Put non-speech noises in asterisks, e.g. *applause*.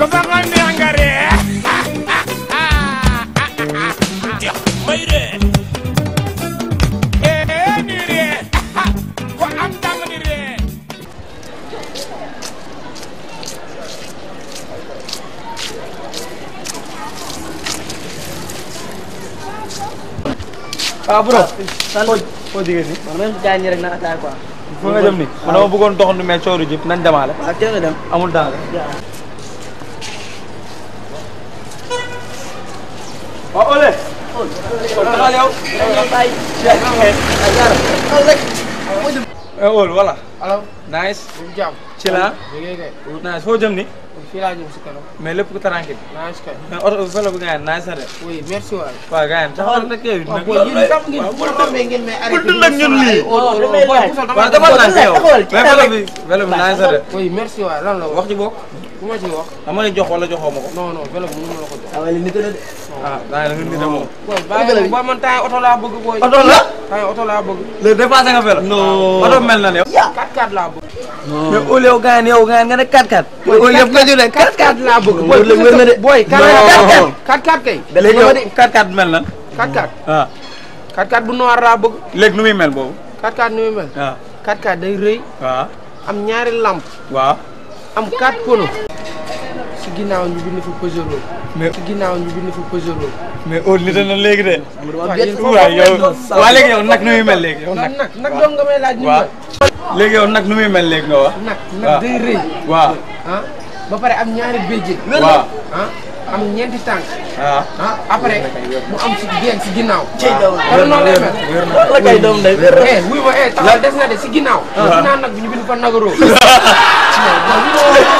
ko fa xam ne engrais ja ee ni ree ko am dam ni ree ah bro foo jógee si man man dama bëggoon doxandu mais jib nañ demaale waaw teel nga dem amul waaw ole. taxal yow. jaajëf. voilà. alors. nice. jàmm. ci la naa foo jëm ni. fii laa jëm si naa si kanam mais ma ci wax. dama lay jox wala joxoo la ko jox. Ah, waaw léegi nit a la de. ah daa la nit a moom. bàyyi boo man temps oto laa bëgg booy. oto la temps oto laa bëgg. léegi dépassé nga vélo. non oto mel na ne. 4x4 laa bëgg. mais au lieu gaan yow gaan nga ne ah. bu noir laa bëgg. léegi nu muy mel boobu. 4-4 nu muy mel. Ah. day rëy. Ah. am ñaari lamp. am 4 pono. si ginnaaw ñu bind fa Pajero. mais si ginnaaw ñu bind fa Pajero. mais na léegi de. waaw yow waaw léegi yow nu muy mel léegi yow nag. nag doon laaj ñu mel. léegi yow nag nu muy mel léegi nga wax. nag nag day rëy. waaw ah, ba pare am ñaari béjjén. waaw ah, am ñeenti tànk. ah, ah après mu am si génn si ginnaaw. waaw wér na wér na wér na la kay doom day wér na. eh wuy ma eh taxaw des nag *laughs*